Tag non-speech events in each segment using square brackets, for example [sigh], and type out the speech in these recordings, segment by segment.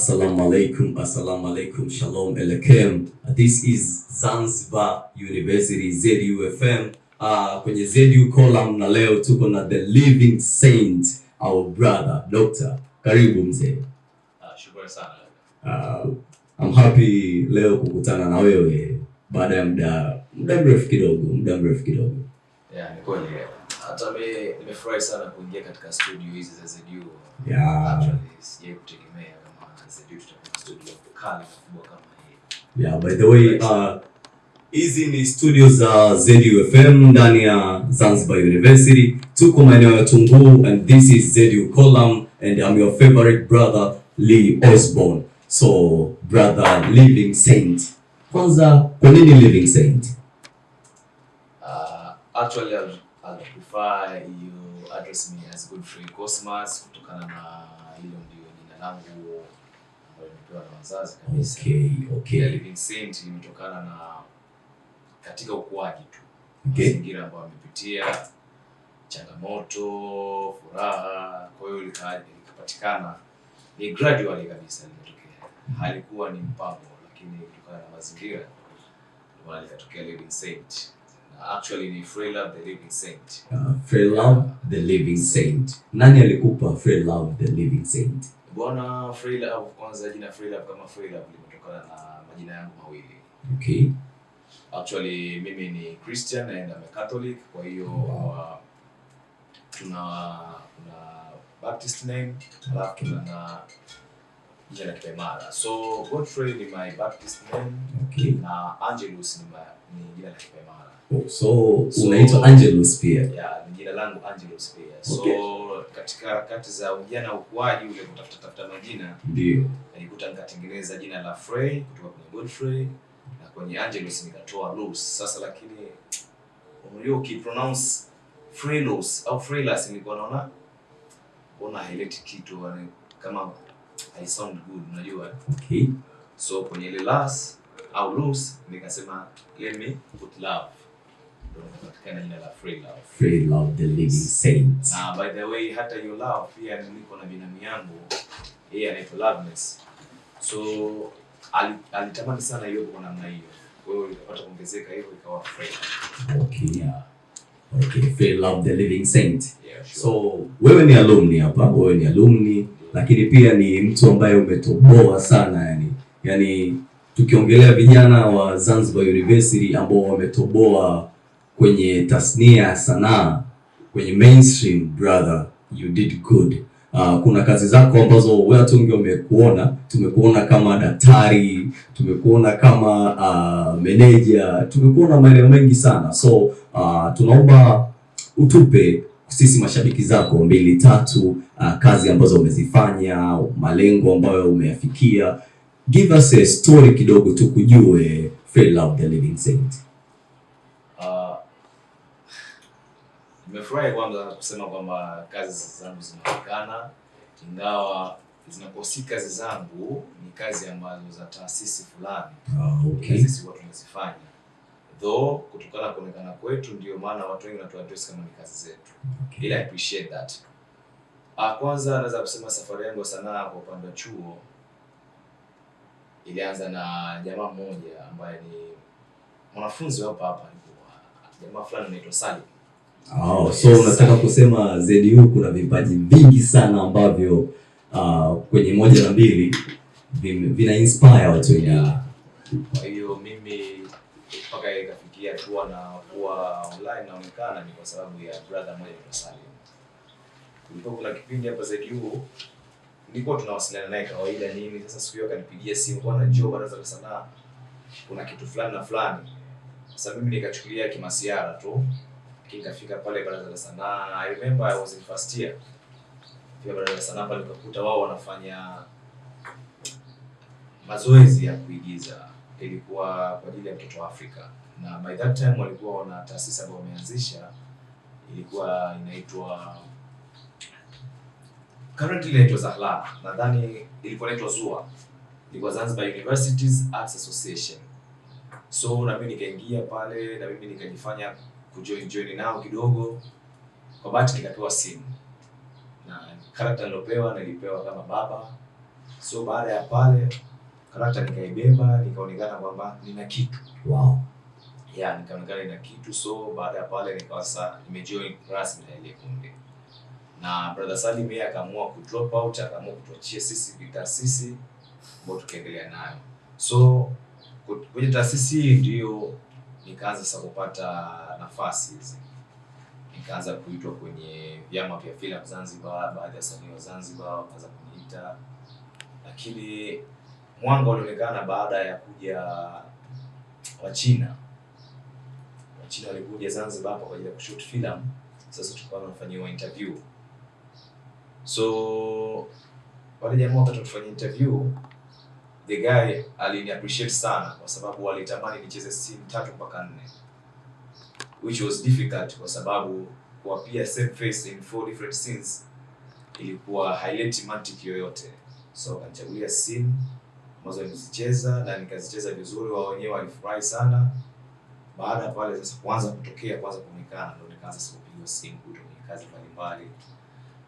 Assalamu alaikum, assalamu alaikum, shalom alekem. This is Zanzibar University ZUFM. Uh, ah, kwenye ZU column na leo tuko na the living saint, our brother doctor. Karibu mzee. Uh, ah, shukrani sana. Uh, I'm happy leo kukutana na wewe baada ya muda muda mrefu kidogo, muda mrefu kidogo. Yeah, ni kweli. Hata mimi nimefurahi sana kuingia katika studio hizi za ZU. Yeah. Actually, sijakutegemea. Yeah, by the way, uh, hizi ni studio za ZU FM ndani ya Zanzibar University. Tuko maeneo ya Tunguu and this is ZU Column and I'm your favorite brother Lee Osborne. So, brother Living Saint. Kwanza, kwa nini Living Saint? Uh, actually I'd prefer you address me as good free Cosmas kutokana na hilo ndio jina langu alipewa na wazazi kabisa. Okay, okay. Ile Vincent imetokana na katika ukuaji tu. Okay. Mazingira ambayo amepitia changamoto, furaha, kwa hiyo likapatikana ni gradually kabisa limetokea. Mm-hmm. Halikuwa ni mpango lakini kutokana na mazingira ndio likatokea Living Saint. Actually ni Free Love the Living Saint. Uh, Free Love the Living Saint. Nani alikupa Free Love the Living Saint? Bwana Freelove, kwanza jina Freelove kama Freelove limetokana na majina yangu mawili. Okay. Actually mimi ni Christian and I'm a Catholic, kwa hiyo mm-hmm. uh, tuna kuna Baptist name alafu tuna na jina la Kipaimara. So Godfrey ni my Baptist name okay. na Angelus ni, my, ni jina la Kipaimara. Oh, so, so unaitwa Angelus pia? Yeah, ni jina langu Angelus pia. So okay katika kati za ujana ukuaji ule kutafuta tafuta majina, ndio nilikuta nikatengeneza jina la Frey kutoka kwenye Godfrey na kwenye Angelus nikatoa Rose Sasa lakini unajua ukipronounce Freelous au Freeless nilikuwa naona ona haileti kitu yani kama I sound good unajua. Okay. So kwenye ile last au Rose nikasema let me put love katika jina la Free Love. Free Love the Living Na by the way hata hiyo love pia niko na binamu yangu yeye anaitwa Loveness. So alitamani sana kwa namna hiyo. Kwa hiyo ikapata kuongezeka ikawa Free Okay. Yeah. Okay, Free Love the Living Saint. Yeah, sure. So wewe ni alumni hapa, wewe ni alumni Lakini pia ni mtu ambaye umetoboa sana yani. Yani tukiongelea vijana wa Zanzibar University ambao wametoboa kwenye tasnia ya sanaa, kwenye mainstream, brother you did good. Uh, kuna kazi zako ambazo watu wengi wamekuona, tumekuona kama daktari, tumekuona kama uh, meneja, tumekuona maeneo mengi sana, so uh, tunaomba utupe sisi mashabiki zako mbili tatu, uh, kazi ambazo umezifanya, malengo ambayo umeyafikia. Give us a story kidogo tukujue Fred Love the Living Saint. Nimefurahi kwanza kusema kwamba kazi zangu zinaonekana, ingawa zinakuwa si kazi zangu, ni kazi ambazo za taasisi fulani ah, sisi huwa tunazifanya though kutokana na kuonekana kwetu ndio maana watu wengi wanatuaddress kama ni kazi zetu. Okay. Ila I appreciate that. Ah, kwanza naweza kusema safari yangu ya sanaa kwa upande wa chuo ilianza na jamaa mmoja ambaye ni mwanafunzi hapa hapa, jamaa fulani anaitwa Salim Oh, so yes. Unataka kusema ZU kuna vipaji vingi sana ambavyo uh, kwenye moja na mbili vina inspire watu wengi. Kwa hiyo mimi mpaka ikafikia kuwa na kuwa online naonekana ni kwa sababu ya brother mmoja ni Salim. Kulikuwa kuna kipindi hapa ZU nilikuwa tunawasiliana naye kawaida nini. Sasa siku hiyo akanipigia simu kwa na Joe, baraza la sanaa kuna kitu fulani na fulani. Sasa mimi nikachukulia kimasiara tu Nikafika pale baraza la sanaa. I remember I was in first year. Fika baraza la sanaa pale nikakuta wao wanafanya mazoezi ya kuigiza, ilikuwa kwa ajili ya mtoto wa Afrika, na by that time walikuwa wana taasisi ambayo wameanzisha ilikuwa inaitwa currently inaitwa Zahla, nadhani ilikuwa inaitwa ZUA, ilikuwa Zanzibar Universities Arts Association. So na mimi nikaingia pale na mimi nikajifanya kujoin join nao kidogo. Kwa bahati nikapewa simu na karakta nilopewa nilipewa kama baba, so baada ya pale karakta nikaibeba, nikaonekana kwamba nina kitu wow. ya nikaonekana nina kitu, so baada ya pale nikawa sasa nimejoin rasmi na ile kundi na brother Salim yeye akaamua ku drop out, akaamua kutuachia sisi taasisi ambayo tukaendelea nayo. So kwenye taasisi ndio nikaanza sasa kupata nafasi hizi, nikaanza kuitwa kwenye vyama vya filamu Zanzibar, baadhi ya wasanii wa Zanzibar wakaanza kuniita, lakini mwanga ulionekana baada ya kuja Wachina. Wachina walikuja Zanzibar hapa kwa ajili ya kushoot filamu, sasa tulikuwa tunafanyiwa interview, so wale jamaa wakati tufanya interview the guy alini appreciate sana kwa sababu alitamani nicheze simu tatu mpaka nne, which was difficult kwa sababu kwa pia same face in four different scenes ilikuwa haileti mantiki yoyote, so akanichagulia simu ambazo nilizicheza na nikazicheza vizuri, wao wenyewe walifurahi sana. Baada ya pale sasa kuanza kutokea kuanza kuonekana, ndio nikaanza sasa kupiga simu kutoka kwenye kazi mbalimbali,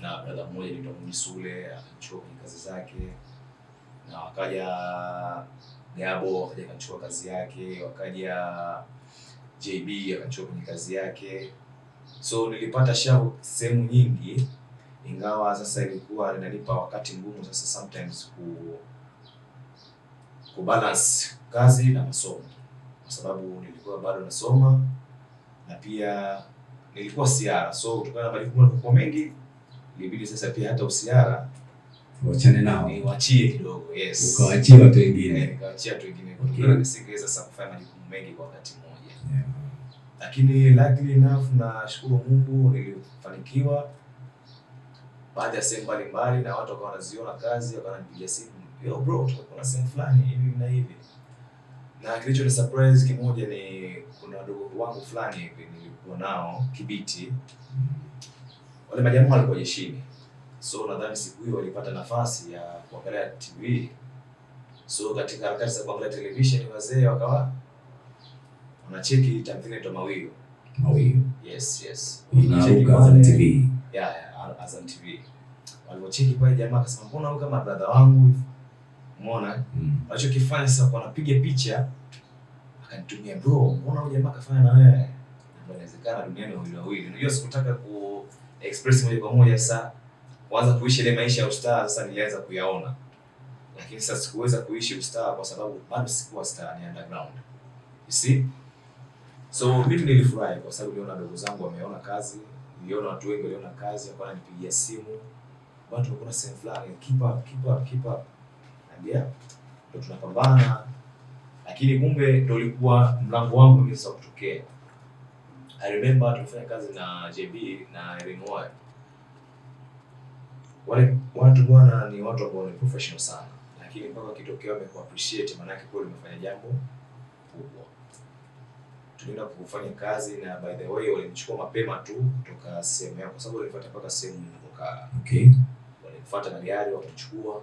na brother mmoja ni Mjisule akanichukua kwenye kazi zake na wakaja Gabo wakaja akachukua kazi yake, wakaja JB akachukua kwenye kazi yake, so nilipata shau sehemu nyingi, ingawa sasa ilikuwa inanipa wakati mgumu sasa sometimes ku balance kazi na masomo, kwa sababu nilikuwa bado nasoma na pia nilikuwa siara, so kutokana na majukumu yalikuwa mengi ilibidi sasa pia hata usiara wachane nao. ni Niwaachie kidogo. Yes. Ukawaachia watu wengine. Eh, ukawaachia watu wengine kwa okay. Maana nisingeweza sasa kufanya majukumu mengi kwa wakati mmoja. Yeah. Lakini luckily enough nashukuru Mungu nilifanikiwa baadhi ya sehemu mbalimbali na watu wakawa wanaziona kazi, wakanipigia simu, yo bro, kuna sehemu fulani hivi na hivi. Na kilicho ni surprise kimoja ni kuna wadogo wangu fulani hivi nilikuwa nao Kibiti, mm. wale majamaa walikuwa jeshini So nadhani siku hiyo walipata nafasi ya kuangalia TV. So katika harakati za kuangalia television wazee wakawa wanacheki tamthilia inaitwa Mawio. Mawio. Yes, yes. Inaruka Azam TV. Yeah, yeah, Azam TV. Walipocheki pale jamaa akasema mbona huyu kama brother wangu Umeona? Mm. Walichokifanya sasa kwa anapiga picha akanitumia bro, mbona huyu jamaa kafanya na wewe? Inawezekana duniani wawili wawili. Unajua sikutaka ku express moja kwa moja sasa kwanza kuishi ile maisha ya ustaa sasa nilianza kuyaona, lakini sasa sikuweza kuishi ustaa kwa sababu bado sikuwa star, ni underground you see. So vitu nilifurahi kwa sababu niona ndugu zangu wameona kazi, niona watu wengi waliona kazi, hapa nipigia simu watu wakuna sehemu fulani, keep up keep up keep up, nambia ndo tunapambana, lakini kumbe ndo ulikuwa mlango wangu mimi sasa kutokea. I remember tulifanya kazi na JB na Irene wale watu bwana ni watu ambao ni professional sana, lakini mpaka kitokeo wameku appreciate, maana yake kweli umefanya jambo kubwa. Tulienda kufanya kazi na by the way walinichukua mapema tu kutoka sehemu yao, kwa sababu walifuata mpaka sehemu nilipokaa. Okay, walifuata na gari wakachukua.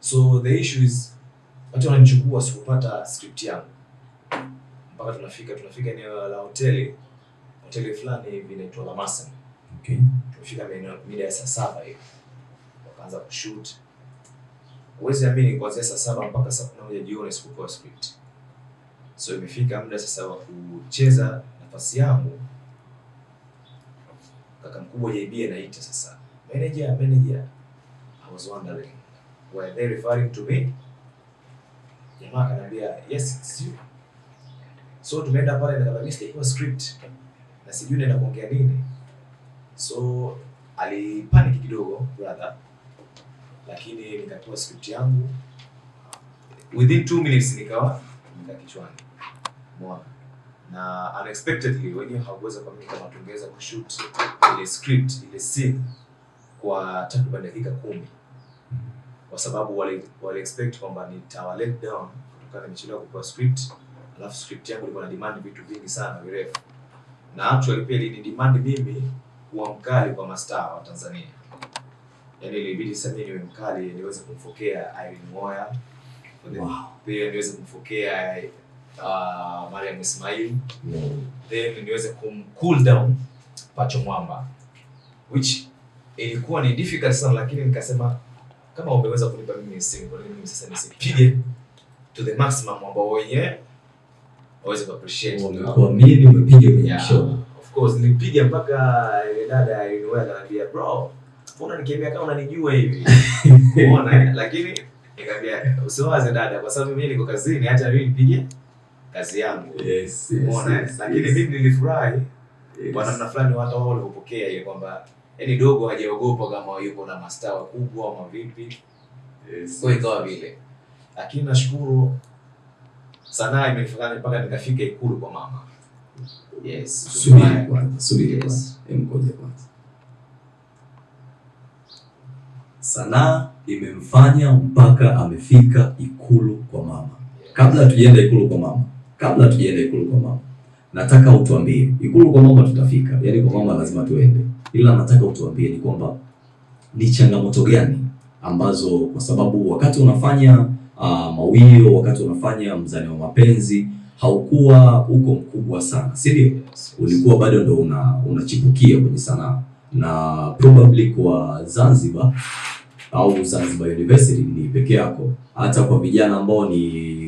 so the issue is watu wananichukua, sikupata script yangu mpaka tunafika tunafika eneo la hoteli hoteli fulani hivi inaitwa La Masen Okay. mida ya saa saba hiyo wakaanza kushut uwezi amini kuanzia saa saba mpaka saa kumi na moja jioni sikupewa script. So imefika muda sasa wa kucheza nafasi yangu, kaka mkubwa JB anaita sasa, manager manager, I was wondering were they referring to me? Jamaa yes it's you. So tumeenda pale na script na sijui kuongea nini So alipanic kidogo brother, lakini nikatoa script yangu within two minutes, nikawa nika kichwani mwana na unexpectedly, wenyewe hawakuweza kuamini kama tungeweza kushoot ile script ile scene kwa takriban dakika kumi kwa sababu wale wale expect kwamba nitawa let down kutokana nimechelewa kupewa script, alafu script yangu ilikuwa na demand vitu vingi sana virefu, na actually pia ni demand mimi kuwa mkali kwa mastaa wa Tanzania. Yaani ilibidi sasa mimi niwe mkali niweze kumfokea Irene Moya. Wow. Pia niweze kumfokea uh, Mariam Ismail. Mm. Then niweze kum cool down Pacho Mwamba. Which ilikuwa ni difficult sana lakini nikasema kama umeweza kunipa mimi single, kwa nini mimi sasa nisipige to the maximum ambao wenyewe waweze kuappreciate. Kwa mimi nimepiga kwenye show. Yeah course nilipiga mpaka dada yule akaniambia, bro, mbona nikiambia kama unanijua hivi? Unaona, [laughs] lakini nikamwambia usiwaze dada, kwa sababu mimi niko kazini, hata mimi nipige kazi yangu. Yes. Unaona, yes, yes, lakini yes. Mimi nilifurahi yes. Kwa namna fulani watu wao walipokea ile kwamba yani dogo hajaogopa kama yuko na mastaa wakubwa au vipi. Yes. Kwa ikawa vile. Lakini nashukuru sanaa imefikana mpaka nikafika Ikulu kwa mama. Yes, subiri kwanza, subiri kwanza, emgoja kwanza. Sanaa imemfanya mpaka amefika Ikulu kwa mama. Kabla tujaenda Ikulu kwa mama, kabla tujaenda Ikulu kwa mama, nataka utuambie Ikulu kwa mama tutafika, yaani kwa mama lazima tuende, ila nataka utuambie ni kwamba ni changamoto gani ambazo, kwa sababu wakati unafanya uh, mawio, wakati unafanya mzani wa mapenzi haukuwa uko mkubwa sana, si ndio? Ulikuwa bado ndo unachipukia kwenye sanaa na probably kwa Zanzibar au Zanzibar University ni peke yako. Hata kwa vijana ambao ni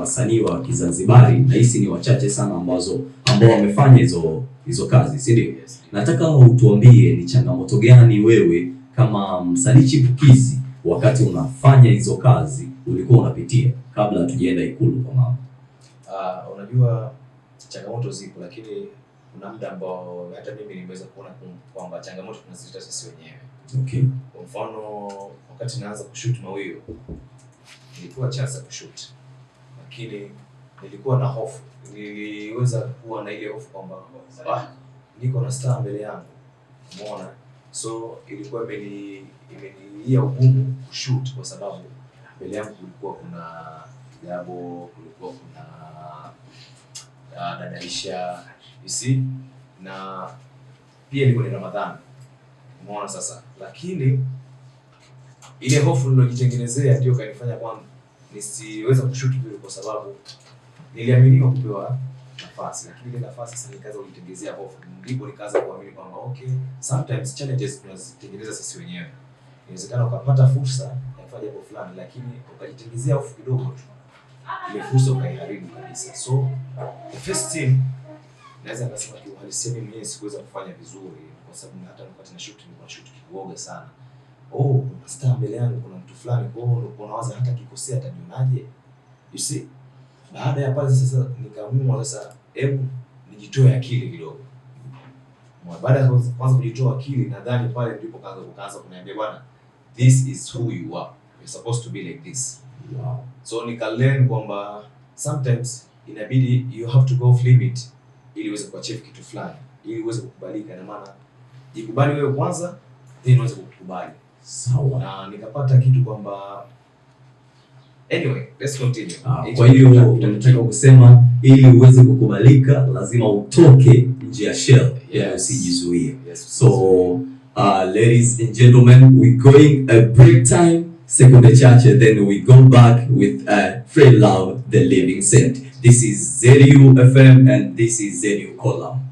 wasanii wa, wa, wa Kizanzibari nahisi ni wachache sana ambazo ambao wamefanya hizo hizo kazi, si ndio? Nataka utuambie ni changamoto gani wewe kama msanii chipukizi wakati unafanya hizo kazi ulikuwa unapitia kabla hatujaenda Ikulu kwa mama? Uh, unajua changamoto zipo, lakini kuna muda ambao hata mimi nimeweza kuona kwamba changamoto tunazileta sisi wenyewe. Okay. Kwa mfano wakati naanza kushoot Mawio nilikuwa chance ya kushoot, lakini nilikuwa na hofu, niliweza kuwa na ile hofu kwamba ah, niko na star mbele yangu, umeona, so ilikuwa imeniia ugumu kushoot kwa sababu mbele yako kulikuwa kuna Kigabo, kulikuwa kuna uh, ah, Dadaisha isi na pia ilikuwa ni Ramadhani, umeona sasa. Lakini ile hofu nilojitengenezea ndio kanifanya kwamba nisiweza kushuti vile, kwa sababu niliaminiwa kupewa nafasi, lakini ile nafasi sasa nikaanza kujitengenezea hofu, ndipo nikaanza kuamini kwamba okay, sometimes challenges tunazitengeneza sisi wenyewe. Inawezekana ukapata fursa kufanya jambo fulani, lakini ukajitengezea hofu kidogo tu, ile fursa ukaiharibu kabisa. So the first team naweza nikasema kiuhalisia, mimi mwenyewe sikuweza kufanya vizuri, kwa sababu hata wakati na shoot nilikuwa shoot kiboga sana. Oh, kuna star mbele yangu, kuna mtu fulani, kwa hiyo nilikuwa nawaza hata kikosea atanionaje, you see. Baada ya pale sasa nikaamua sasa, hebu nijitoe akili kidogo. Baada ya kwanza kujitoa akili, nadhani pale ndipo kaanza kukaanza kuniambia bwana, this is who you are You're supposed to be like this. Wow. So nikalearn kwamba sometimes inabidi you have to go off limit ili uweze kuachieve kitu fulani, ili uweze kukubalika. Na maana jikubali wewe kwanza, then uweze kukubali. Sawa. Na nikapata kitu kwamba Anyway, let's continue. Ah, kwa hiyo unataka mm. kusema ili uweze kukubalika lazima utoke nje ya shell, yes. ya Usijizuie. Yes, so uh, ladies and gentlemen, we going a break time. Secunda chapter. then we go back with uh, Love, the Living Saint. This is ZU FM and this is ZU Column.